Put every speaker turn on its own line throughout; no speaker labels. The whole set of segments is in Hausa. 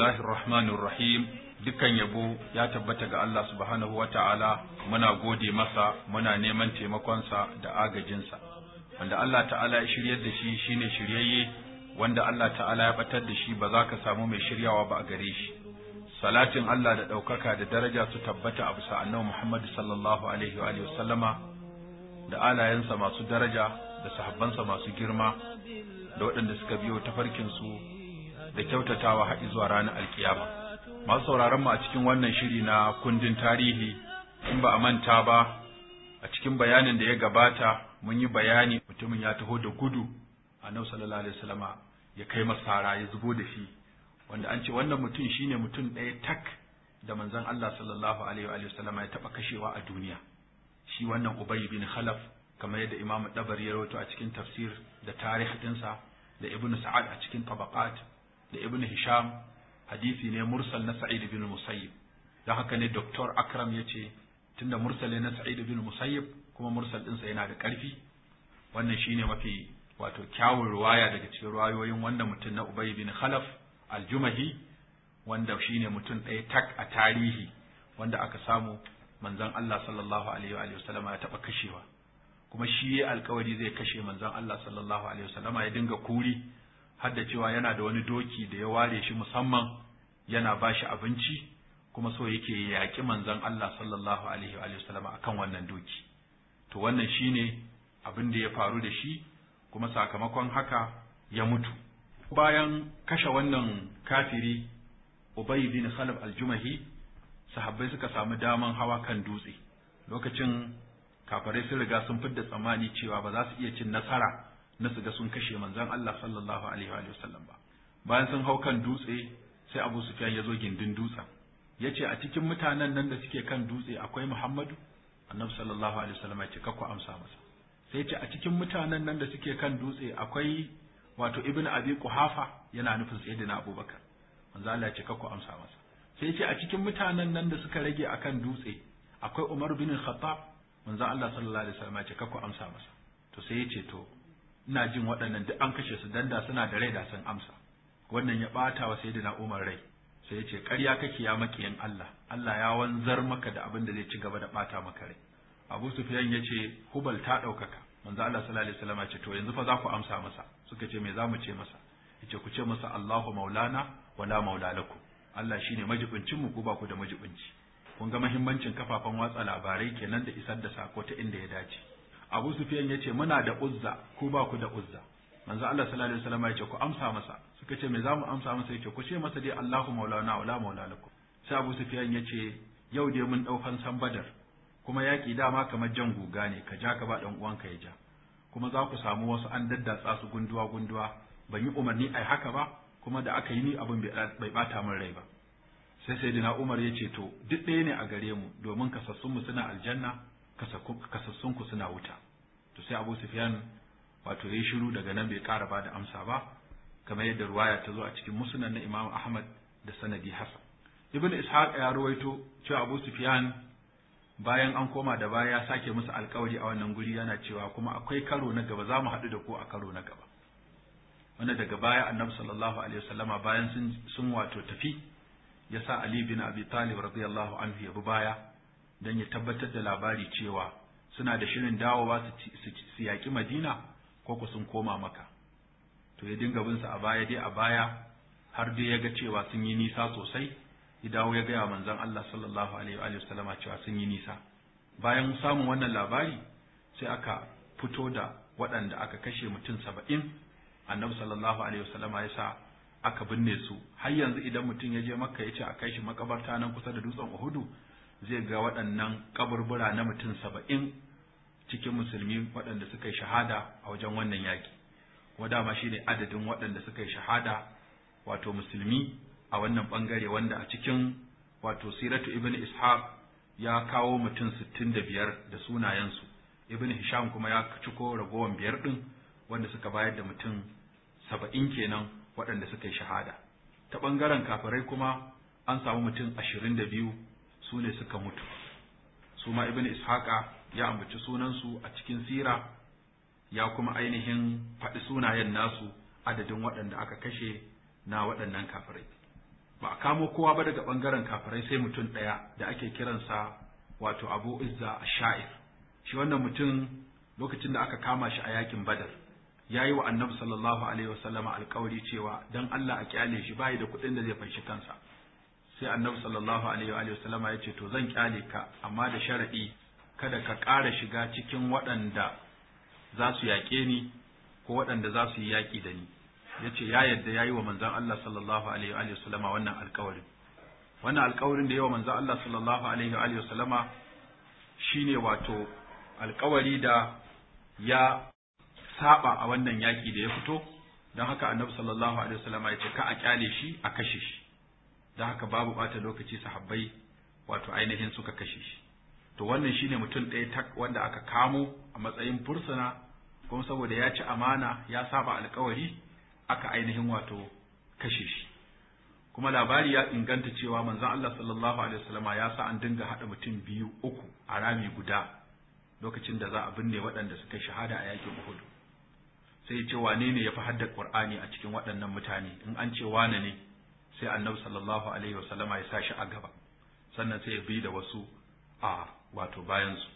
bismillahir rahmanir rahim dukkan yabo ya tabbata ga Allah subhanahu wata'ala muna gode masa muna neman taimakonsa da agajinsa wanda Allah ta'ala ya shiryar da shi shine shiryayye wanda Allah ta'ala ya batar da shi ba za ka samu mai shiryawa ba a gare shi salatin Allah da ɗaukaka da daraja su tabbata a bisa annabi Muhammad sallallahu alaihi wa alihi wasallama da alayensa masu daraja da sahabbansa masu girma da waɗanda suka biyo su da kyautatawa har zuwa ranar alkiyama masu sauraron mu a cikin wannan shiri na kundin tarihi in ba a manta ba a cikin bayanin da ya gabata mun yi bayani mutumin ya taho da gudu annabi sallallahu alaihi wasallama ya kai masara ya zubo da shi wanda an ce wannan mutum shine mutum ɗaya tak da manzon Allah sallallahu alaihi wa ya taba kashewa a duniya shi wannan Ubay bin Khalaf kamar yadda Imam Dabari ya rawaito a cikin tafsir da tarihi dinsa da Ibn Sa'ad a cikin tabaqat da ibn hisham hadisi ne mursal na sa'id bin musayyib don haka ne doktor akram ya ce tunda mursal na sa'id bin musayyib kuma mursal ɗinsa yana da ƙarfi wannan shine mafi wato kyawun ruwaya daga cikin ruwayoyin wanda mutum na ubay bin khalaf aljumahi wanda shine mutum ɗaya tak a tarihi wanda aka samu manzon Allah sallallahu alaihi wa sallama ya taɓa kashewa kuma shi alkawari zai kashe manzon Allah sallallahu alaihi wa sallama ya dinga kuri har da cewa yana da wani doki da ya ware shi musamman yana ba shi abinci kuma so yake yaƙi manzon Allah sallallahu alaihi wa sallam akan wannan doki to wannan shine abin da ya faru da shi kuma sakamakon haka ya mutu bayan kashe wannan kafiri Ubay bin Khalaf al-Jumahi sahabbai suka samu daman hawa kan dutse lokacin kafirai sun riga sun fidda tsammani cewa ba za su iya cin nasara na su ga sun kashe manzon Allah sallallahu alaihi wa sallam ba bayan sun hau kan dutse sai Abu Sufyan ya zo gindin dutsen yace a cikin mutanen nan da suke kan dutse akwai Muhammadu Annabi sallallahu alaihi wa sallam ya ce kakku amsa masa sai ce a cikin mutanen nan da suke kan dutse akwai wato Ibn Abi Quhafa yana nufin Sayyidina Abubakar manzo Allah ya ce kakku amsa masa sai ce a cikin mutanen nan da suka rage akan dutse akwai Umar bin Khattab manzo Allah sallallahu alaihi wa sallam ya ce kakku amsa masa to sai ya ce to ina jin waɗannan duk an kashe su dan da suna da rai da sun amsa wannan ya ɓata wa sayyidina Umar rai sai ya ce ƙarya kake ya makiyin Allah Allah ya wanzar maka da abin da zai ci gaba da ɓata maka rai Abu Sufyan ya ce Hubal ta ɗaukaka manzo Allah sallallahu alaihi wasallam ya ce to yanzu fa za ku amsa masa suka ce me za mu ce masa yace ku ce masa Allahu maulana wala maula lakum Allah shine majibincin mu ko ba ku da majibinci kun ga muhimmancin kafafen watsa labarai kenan da isar da sako ta inda ya dace Abu Sufyan ya ce muna da Uzza ko ba ku da Uzza manzo Allah sallallahu alaihi wasallam ya ce ku amsa masa suka ce me za mu amsa masa yake ku ce masa dai Allahu maulana wala maula lakum sai Abu Sufyan ya ce yau dai mun daukan san Badar kuma yaki dama kamar jan guga ne ka ja ka ba dan uwanka ya ja kuma za ku samu wasu an daddatsa su gunduwa gunduwa ban yi umarni ai haka ba kuma da aka yi ni abin bai bata min rai ba sai sai dina Umar ya ce to duk ɗaya ne a gare mu domin kasassun mu suna aljanna kasassunku suna wuta to sai abu sufyan wato ya shiru daga nan bai kara ba da amsa ba kamar yadda ruwaya ta zo a cikin musnad na imam ahmad da sanadi hasan ibn ishaq ya ruwaito cewa abu sufyan bayan an koma da baya ya sake musu alkawari a wannan guri yana cewa kuma akwai karo na gaba za mu haɗu da ku a karo na gaba wanda daga baya annabi sallallahu alaihi wasallama bayan sun wato tafi ya sa ali bin abi talib radiyallahu anhu ya bi baya don ya tabbatar da labari cewa suna da shirin dawowa su yaƙi madina ko ku sun koma maka to ya dinga bin su a baya dai a baya har dai ya ga cewa sun yi nisa sosai ya dawo ya gaya manzon Allah sallallahu alaihi wa sallama cewa sun yi nisa bayan samun wannan labari sai aka fito da waɗanda aka kashe mutum saba'in annabi sallallahu alaihi ya sa aka binne su har yanzu idan mutum ya je makka ya ce a kai shi makabarta nan kusa da dutsen uhudu zai ga waɗannan kaburbura na mutum saba'in cikin musulmi waɗanda suka yi shahada a wajen wannan yaƙi wadama shi ne adadin waɗanda suka yi shahada wato musulmi a wannan ɓangare wanda a cikin wato siratu ibn ishaq ya kawo mutum sittin da biyar da sunayensu ibn hisham kuma ya ciko ragowan biyar ɗin wanda suka bayar da mutum saba'in kenan waɗanda suka yi shahada ta ɓangaren kafirai kuma an samu mutum ashirin da biyu su ne suka mutu su ma ibn ishaqa ya ambaci sunansu a cikin sira ya kuma ainihin faɗi sunayen nasu adadin waɗanda aka kashe na waɗannan kafirai ba a kamo kowa ba daga ɓangaren kafirai sai mutum ɗaya da ake kiransa wato abu izza sha'ir shi wannan mutum lokacin da aka kama shi a yakin badar ya yi wa annabi sallallahu alaihi wasallama alkawari cewa dan allah a kyale shi bayi da kuɗin da zai fanshi kansa sai annabi sallallahu alaihi wa sallama ya ce to zan kyale ka amma da sharadi kada ka ƙara shiga cikin waɗanda za su yaƙe ni ko waɗanda za su yi yaƙi da ni ya ce ya yarda ya yi wa manzan Allah sallallahu alaihi wa sallama wannan alƙawarin wannan alƙawarin da ya yi wa manzan Allah sallallahu alaihi wa sallama shine wato alƙawari da ya saba a wannan yaƙi da ya fito don haka annabi sallallahu alaihi wa sallama ya ce ka a kyale shi a kashe shi da haka babu bata lokaci sahabbai wato ainihin suka kashe shi to wannan shine mutum ɗaya tak wanda aka kamo a matsayin fursuna kuma saboda ya ci amana ya saba alkawari aka ainihin wato kashe shi kuma labari ya inganta cewa manzon Allah sallallahu alaihi wasallama ya sa an dinga hada mutum biyu uku a rami guda lokacin da za a binne waɗanda suka shahada a yakin Uhud sai ya ce wane ne ya fi hadda Qur'ani a cikin waɗannan mutane in an ce wane ne sai annabi sallallahu alaihi wa sallama ya sa shi a gaba sannan sai ya bi da wasu a wato bayansu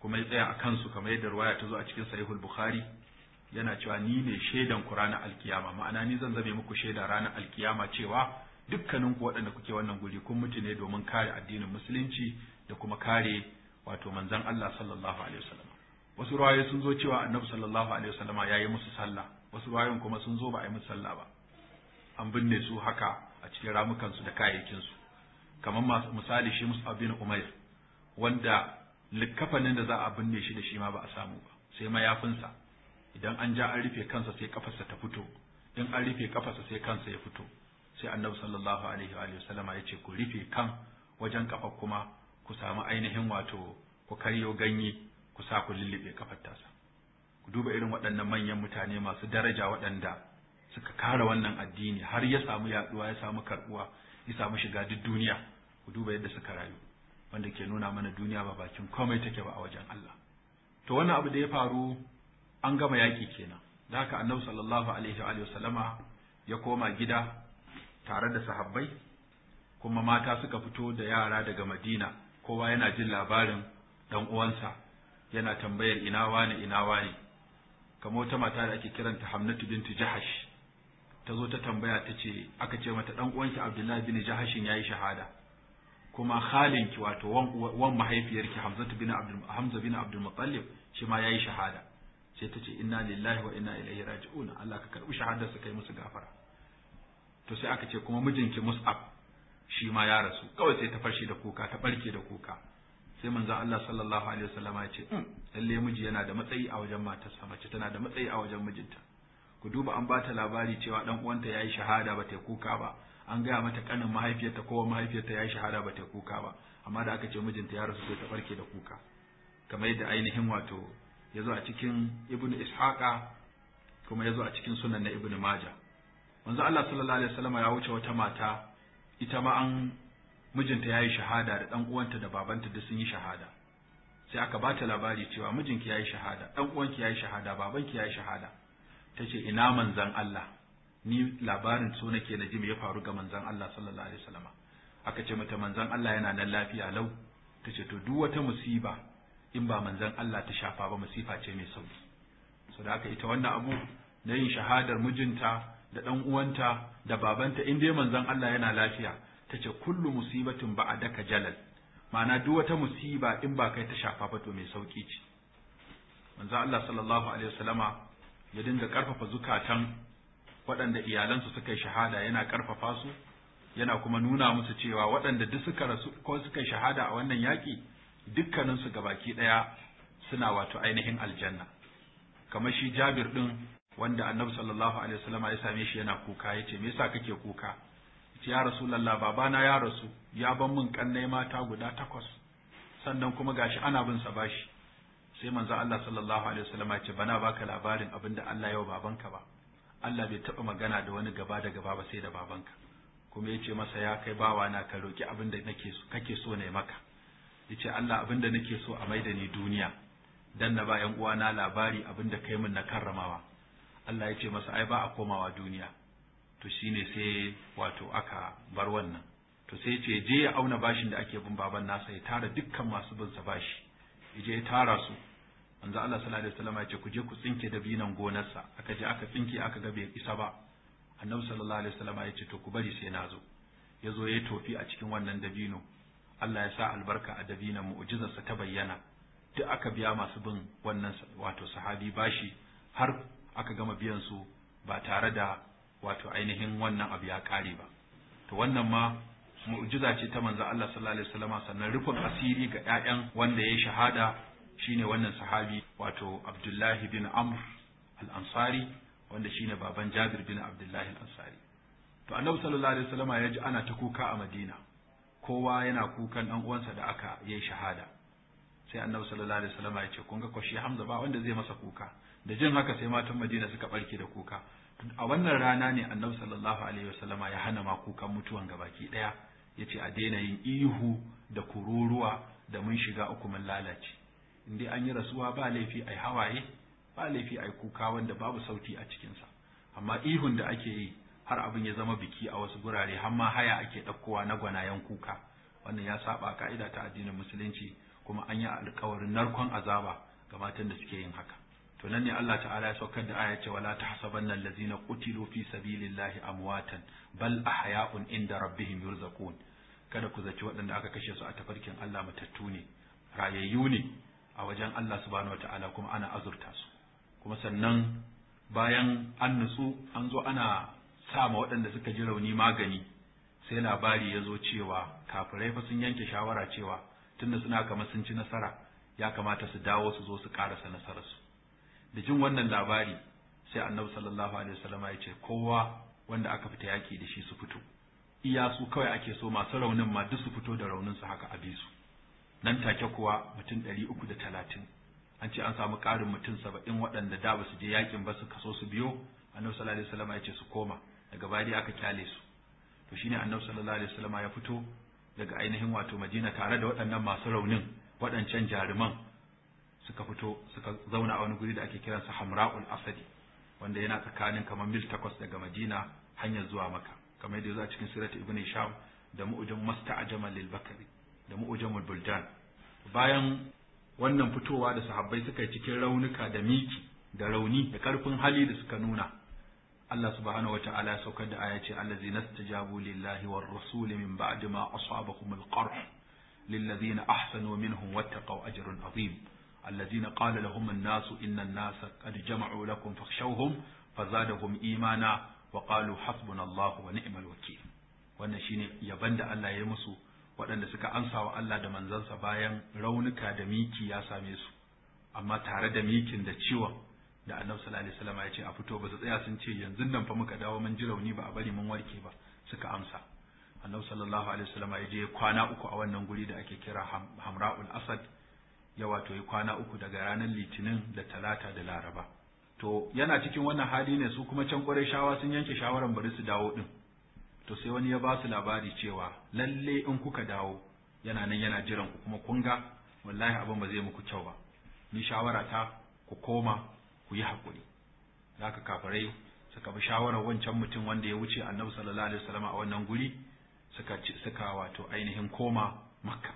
kuma ya tsaya a kansu kamar yadda ruwaya ta zo a cikin sahihul bukhari yana cewa ni ne shaidan ku ranar alkiyama ma'ana ni zan zame muku shaida ranar alkiyama cewa dukkanin ku waɗanda kuke wannan guri kun mutu ne domin kare addinin musulunci da kuma kare wato manzon Allah sallallahu alaihi wasallam wasu ruwaye sun zo cewa annabi sallallahu alaihi wasallama yayi musu sallah wasu ruwayoyin kuma sun zo ba a yi musu sallah ba an binne su haka a cikin ramukansu da kayayyakinsu kamar misali shi musa bin umair wanda likafanin da za a binne shi da shi ma ba a samu ba sai mayafinsa idan an ja an rufe kansa sai kafarsa ta fito in an rufe kafarsa sai kansa ya fito sai annabi sallallahu alaihi wa sallama ya ce ku rufe kan wajen kafa kuma ku samu ainihin wato ku karyo ganye ku sa ku lullube kafar tasa ku duba irin waɗannan manyan mutane masu daraja waɗanda suka kare wannan addini har ya samu yaduwa ya samu karbuwa ya samu shiga duk duniya ku duba yadda suka rayu wanda ke nuna mana duniya ba bakin komai take ba a wajen Allah to wannan abu da ya faru an gama yaki kenan da haka annabi sallallahu alaihi wa sallama ya koma gida tare da sahabbai kuma mata suka fito da yara daga Madina kowa yana jin labarin dan uwansa yana tambayar ina wani ina wani kamar wata mata da ake kiranta Hamnatu Bintu Jahash wata tambaya ta ce aka ce mata dan uwanki Abdullahi bin Jahashin yayi shahada kuma ki wato wan mahaifiyarki Hamzatu bin Abdul Hamza bin Abdul Muttalib shi ma yayi shahada sai ta ce inna lillahi wa inna ilaihi raji'un Allah ka karbi shahadar su kai musu gafara to sai aka ce kuma mijinki Mus'ab shi ma ya rasu kawai sai ta farshe da kuka ta barke da kuka sai manzo Allah sallallahu alaihi wasallama ya ce hmm, lalle miji yana da matsayi a wajen matarsa mace tana da matsayi a wajen mijinta ku duba an bata labari cewa dan uwanta yayi shahada ba ta kuka ba an gaya mata kanin mahaifiyarta ko mahaifiyarta yayi shahada ba ta kuka ba amma da aka ce mijinta ya rasu sai ta barke da kuka kamar yadda ainihin wato ya zo a cikin ibnu ishaqa kuma ya zo a cikin sunan na ibnu majah manzo Allah sallallahu alaihi wasallam ya wuce wata mata ita ma an mijinta yayi shahada da dan uwanta da babanta duk sun yi shahada sai aka bata labari cewa mijinki yayi shahada dan uwanki yayi shahada babanki yayi shahada ta ce ina manzan Allah ni labarin so nake na ji me ya faru ga manzan Allah sallallahu alaihi wasallam aka ce mata manzan Allah yana nan lafiya lau ta ce to duk wata musiba in ba manzan Allah ta shafa ba musifa ce mai sauki so da aka ita wannan abu na yin shahadar mijinta da ɗan uwanta da babanta in dai manzon Allah yana lafiya ta ce kullu musibatin ba a daka jalal ma'ana duk wata musiba in ba kai ta shafa ba to mai sauki ce manzan Allah sallallahu alaihi wasallama ya dinga ƙarfafa zukatan waɗanda iyalansu suka yi shahada yana ƙarfafa su yana kuma nuna musu cewa waɗanda duk suka rasu ko suka yi shahada a wannan yaƙi dukkaninsu ga baki ɗaya suna wato ainihin aljanna kamar shi Jabir ɗin, wanda Annabi sallallahu alaihi wasallam ya same shi yana kuka ce me yasa kake kuka yace ya Rasulullah babana ya rasu ya ban mun kannai mata guda takwas sannan kuma gashi ana bin sa bashi sai manzo Allah sallallahu alaihi wasallam ya ce bana baka labarin abinda Allah ya babanka ba Allah bai taba magana da wani gaba da gaba ba sai da babanka kuma yace masa ya kai bawa na ka roki abinda nake so kake so ne maka yace Allah abin abinda nake so a maida ni duniya dan na ba yan na labari abin da kai min na karramawa Allah yace masa ai ba a komawa duniya to shine sai wato aka bar wannan to sai ce je ya auna bashin da ake bin baban nasa ya tara dukkan masu bin sa bashi je ya tara su manzo Allah sallallahu alaihi wasallam ya ce ku je ku tsinke dabinan gonarsa aka je aka tsinke aka ga bai isa ba annabi sallallahu alaihi wasallam ya ce to ku bari sai nazo. zo ya zo ya tofi a cikin wannan dabino Allah ya sa albarka a dabinan sa ta bayyana duk aka biya masu bin wannan wato sahabi bashi har aka gama biyan su ba tare da wato ainihin wannan abu ya kare ba to wannan ma mu'jiza ce ta manzo Allah sallallahu alaihi wasallam sannan rufin asiri ga 'ya'yan wanda ya shahada shine wannan sahabi wato Abdullahi bin Amr al-Ansari wanda shine baban Jabir bin Abdullahi al-Ansari to Annabi sallallahu alaihi wasallama ya ji ana ta kuka a Madina kowa yana kukan dan uwansa da aka yi shahada sai Annabi sallallahu alaihi wasallama ya ce kun ga kwashi Hamza ba wanda zai masa kuka da jin haka sai matan Madina suka barke da kuka a wannan rana ne Annabi sallallahu alaihi wasallama ya hana ma kukan mutuwan gabaki daya yace a daina yin ihu da kururuwa da mun shiga uku mun lalace in dai an yi rasuwa ba laifi ai hawaye ba laifi ai kuka wanda babu sauti a cikinsa amma ihun da ake yi har abin ya zama biki a wasu gurare har ma haya ake ɗaukowa na gwanayen kuka wannan ya saba ka'ida ta addinin musulunci kuma an yi alkawarin narkon azaba ga matan da suke yin haka to nan ne Allah ta'ala ya saukar da aya ce wala tahsabanna allazina qutilu fi sabilillahi amwatan bal ahya'un inda rabbihim yurzaqun kada ku zaci waɗanda aka kashe su a tafarkin Allah matattu ne rayayyu ne a wajen Allah subhanahu wata'ala kuma ana azurta su kuma sannan bayan an nutsu an zo ana sa ma waɗanda suka ji rauni magani sai labari ya zo cewa kafirai fa sun yanke shawara cewa tunda suna kamar sun ci nasara ya kamata su dawo su zo su karasa nasararsu da jin wannan labari sai annabi sallallahu alaihi wasallam ya ce kowa wanda aka fita yaki da shi su fito iya su kawai ake so masu raunin ma duk su fito da raunin su haka a bisu nan take kuwa mutum ɗari uku da talatin an ce an samu ƙarin mutum saba'in waɗanda da ba su je yakin ba su kaso su biyo annabi sallallahu alaihi wasallam ya ce su koma daga baya dai aka kyale su to shine annabi sallallahu alaihi wasallam ya fito daga ainihin wato Madina tare da waɗannan masu raunin waɗancan jaruman suka fito suka zauna a wani guri da ake kiransa Hamra'ul Asadi wanda yana tsakanin kamar mil takwas daga Madina hanyar zuwa Makka kamar yadda ya zo a cikin sirata Ibn Hisham da mu'jam masta'jama lil Bakari da mu'jamul buldan bayan wannan fitowa da sahabbai suka yi cikin raunuka da miki da rauni da karfin hali da suka nuna Allah subhanahu wa ta'ala ya saukar da aya ce allazi nastajabu lillahi war rasuli min ba'di ma asabahum al-qarh lillazina ahsanu minhum wattaqaw ajrun azim الذين قال لهم الناس إن الناس قد lakum لكم fazadahum imana إيمانا وقالوا حسبنا wa ونعم الوكيل wannan shine yaban da Allah ya yi musu waɗanda suka amsa wa Allah da manzansa bayan raunuka da miki ya same su amma tare da mikin da ciwon da annabi sallallahu alaihi ya ce a fito ba su tsaya sun ce yanzu nan fa muka dawo mun ji rauni ba a bari mun warke ba suka amsa annabi sallallahu alaihi wasallam ya je kwana uku a wannan guri da ake kira Hamra'ul Asad ya wato ya kwana uku daga ranar Litinin da Talata da Laraba to yana cikin wannan hali ne su kuma can shawa sun yanke shawaran bari su dawo din to sai wani ya ba su labari cewa lalle in kuka dawo yana nan yana jiran ku kuma kun ga wallahi abin ba zai muku kyau ba ni shawara ta ku koma ku yi hakuri zaka kafirai suka bi shawarar wancan mutum wanda ya wuce annabi sallallahu alaihi wasallam a wannan guri suka suka wato ainihin koma makka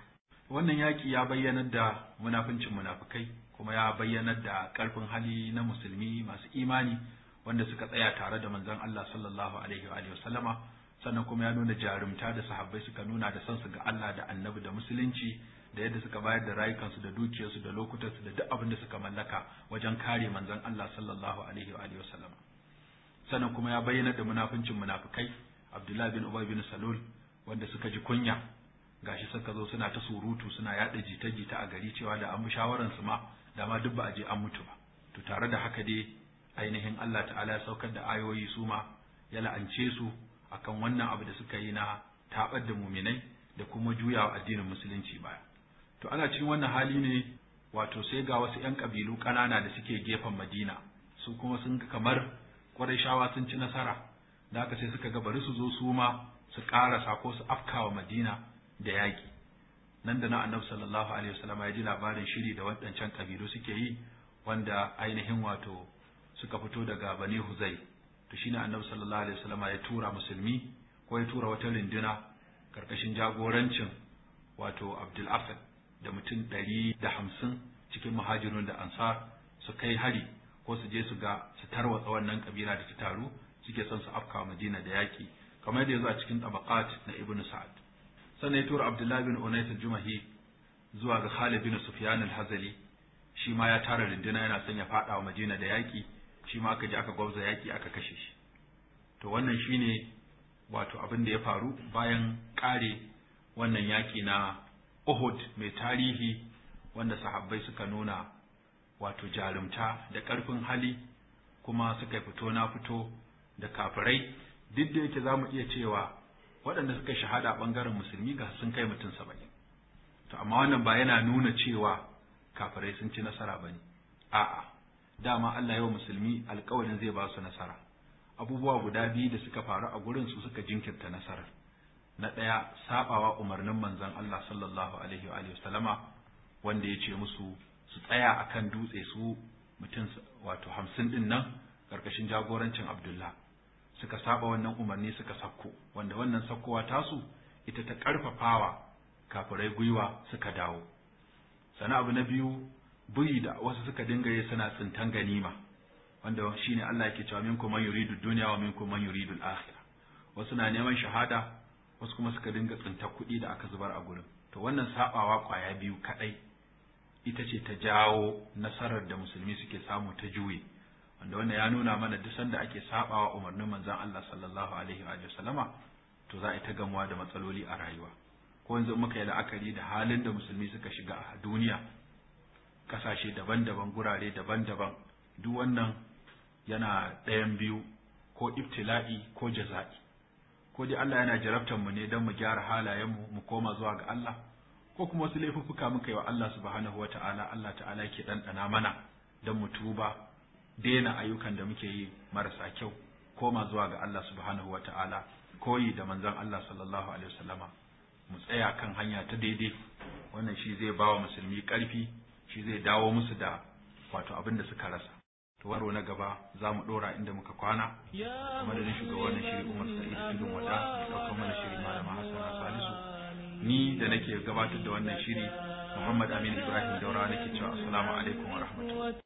wannan yaki ya bayyanar da munafincin munafikai kuma ya bayyanar da karfin hali na musulmi masu imani wanda suka tsaya tare da manzon Allah sallallahu alaihi wa alihi sannan kuma ya nuna jarumta da sahabbai suka nuna da son su ga Allah da annabi da musulunci da yadda suka bayar da rayukansu da dukiyarsu da lokutansu da duk abin da suka mallaka wajen kare manzon Allah sallallahu alaihi wa sallam sannan kuma ya bayyana da munafincin munafikai Abdullah bin Ubay bin Salul wanda suka ji kunya gashi suka zo suna ta surutu suna yada jita-jita a gari cewa da an bi shawaran su ma da ma duk ba a je an mutu ba to tare da haka dai ainihin Allah ta'ala ya saukar da ayoyi su ma ya la'ance su akan wannan abu da suka yi na tabar da muminai da kuma juyawa addinin musulunci baya to ana cikin wannan hali ne wato sai ga wasu yan kabilu ƙanana da suke gefen Madina su kuma sun ga kamar Qurayshawa sun ci nasara da haka sai suka ga bari su zo su ma su ƙarasa ko su afkawa Madina da yaƙi nan da na annabi sallallahu alaihi wasallam ya ji labarin shiri da waɗancan kabilu suke yi wanda ainihin wato suka fito daga Bani Huzai to shine annabi sallallahu alaihi wasallama ya tura musulmi ko ya tura wata rinduna karkashin jagorancin wato Abdul Asad da mutum ɗari da hamsin cikin muhajirun da ansar su kai hari ko su je su ga su tarwatsa wannan kabila da ta taru suke son su afka Madina da yaƙi kamar yadda ya zo a cikin tabaqat na Ibn Sa'ad sannan ya tura abdullah bin Unais al-Jumahi zuwa ga Khalid bin Sufyan al-Hazali shi ma ya tara rinduna yana son ya faɗawa wa Madina da yaƙi shi ma aka je aka gwabza yaki aka kashe shi to wannan shine wato abin da ya faru bayan kare wannan yaki na Uhud mai tarihi wanda sahabbai suka nuna wato jarumta da ƙarfin hali kuma suka fito na fito da kafirai duk da yake za mu iya cewa waɗanda suka shahada ɓangaren musulmi ga sun kai mutum saba'in to amma wannan ba yana nuna cewa kafirai sun ci nasara ba ne a'a dama Allah yawa musulmi alƙawarin zai ba su nasara abubuwa guda biyu da suka faru a gurin su suka jinkirta nasarar na ɗaya sabawa umarnin manzon Allah sallallahu alaihi wa alihi wanda ya ce musu su tsaya akan dutse su mutum wato hamsin din nan karkashin jagorancin Abdullah suka saba wannan umarni suka sakko wanda wannan sakkowa tasu ita ta karfafawa kafirai gwiwa suka dawo sana abu na biyu buri da wasu suka dinga yi suna tsintan ganima wanda shine Allah yake cewa minkum man yuridu dunya wa minkum man yuridu al-akhirah wasu na neman shahada wasu kuma suka dinga tsinta kuɗi da aka zubar a gurin to wannan sabawa kwaya biyu kadai ita ce ta jawo nasarar da musulmi suke samu ta juye wanda wannan ya nuna mana duk sanda ake sabawa umarnin manzon Allah sallallahu alaihi wa sallama to za a ta gamuwa da matsaloli a rayuwa ko yanzu muka yi la'akari da halin da musulmi suka shiga a duniya ƙasashe daban-daban gurare daban-daban duk wannan yana ɗayan biyu ko ibtila'i ko jaza'i ko dai Allah yana jarabtar mu ne don mu gyara halayenmu mu koma zuwa ga Allah ko kuma wasu laifuffuka muka yi wa Allah subhanahu wa ta'ala Allah ta'ala ke ɗanɗana mana don mu tuba daina ayyukan da muke yi marasa kyau koma zuwa ga Allah subhanahu wa ta'ala koyi da manzon Allah sallallahu alaihi wasallama mu tsaya kan hanya ta daidai wannan shi zai ba wa musulmi ƙarfi shi zai dawo musu da wato abin da suka rasa to waro na gaba za mu dora inda muka kwana kamar da wannan shiri Umar Sa'id Tudun Wada da kuma mana shiri Malama Hassana Salisu ni da nake gabatar da wannan shiri Muhammad Aminu Ibrahim Daura nake cewa assalamu alaikum wa rahmatullahi